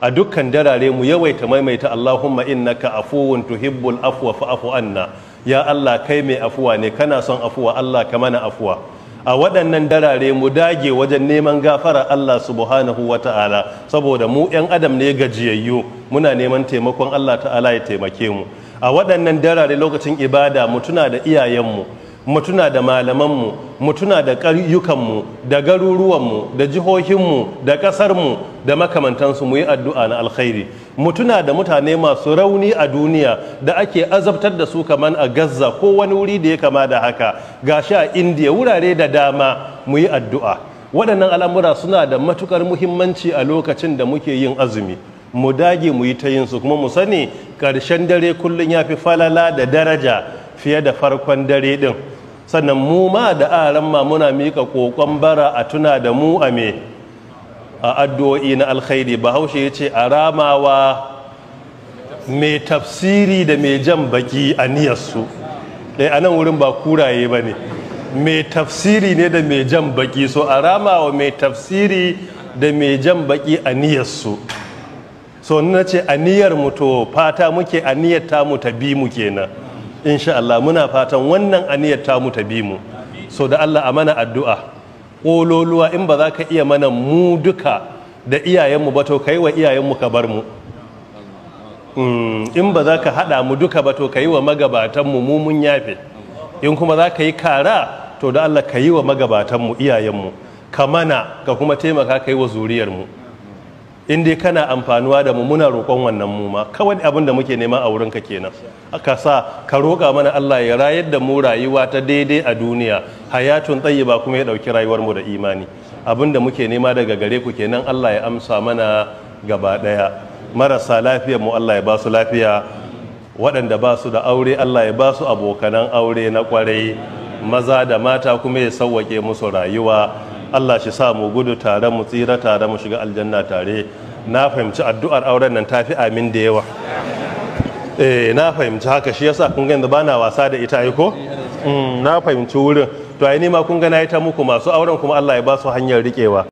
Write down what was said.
a dukkan darare mu yawaita maimaita Allahumma innaka afuwun tuhibbul afwa afu anna ya Allah kai mai afuwa ne kana son afuwa Allah ka mana afuwa a waɗannan darare mu dage wajen neman gafara Allah subhanahu wa ta'ala saboda mu 'yan adam ne gajiyayyu muna neman taimakon Allah ta'ala ya taimake mu a waɗannan darare lokacin ibada mu tuna da iyayenmu mu tuna da malamanmu mu tuna da ƙaryukanmu da garuruwanmu da jihohinmu da ƙasarmu da makamantansu mu yi addu'a na alkhairi mutuna da mutane masu rauni a duniya da ake azabtar da su kamar a gaza ko wani wuri da ya kama da haka gashi a indiya wurare da dama mu yi addu'a waɗannan al'amura suna da matukar muhimmanci a lokacin da muke yin azumi mu dage mu yi ta yin su kuma mu sani ƙarshen dare kullum ya fi falala da daraja fiye da farkon dare ɗin sannan mu ma da aran ma muna mika ƙoƙon bara a tuna da mu a me a addu'o'i na alkhairi bahaushe ya ce a ramawa mai tafsiri da mai jan baki a niyarsu ɗai eh, a nan wurin ba kuraye ba ne mai tafsiri ne da mai jan baki so a ramawa mai tafsiri da mai jan baki a niyarsu so na ce aniyar mu to fata muke aniyar tamu ta bi mu kenan insha Allah muna fatan wannan aniyar tamu ta bi mu so da Allah a mana addu'a ƙololuwa in ba za ka iya mana mu duka da iyayenmu ba to ka yi wa iyayenmu ka bar mu mm, in ba za ka haɗa mu duka ba to ka yi wa magabatanmu mu mun yafe in kuma za ka yi kara to da Allah ka yi wa magabatanmu iyayenmu ka mana ka kuma taimaka ka yi wa zuriyarmu in dai kana amfanuwa da mu muna roƙon wannan mu ma kawai abin da muke nema a wurinka kenan aka sa ka roƙa mana Allah ya rayar da mu rayuwa ta daidai a duniya hayatun ba kuma ya ɗauki rayuwar mu da imani abin da muke nema daga gare ku kenan Allah ya amsa mana gaba ɗaya marasa lafiyar mu Allah ya ba su lafiya waɗanda ba su da aure Allah ya ba su abokanan aure na kwarai maza da mata kuma ya sauwake musu rayuwa Allah shi sa mu gudu tare mu tsira tare mu shiga aljanna tare na fahimci addu'ar auren nan tafi amin da yawa eh na fahimci haka shi yasa kun ganin ba na wasa da ita ai ko mm, na fahimci wurin to ai ni ma kun ga na yi ta muku masu auren kuma Allah ya ba su hanyar riƙewa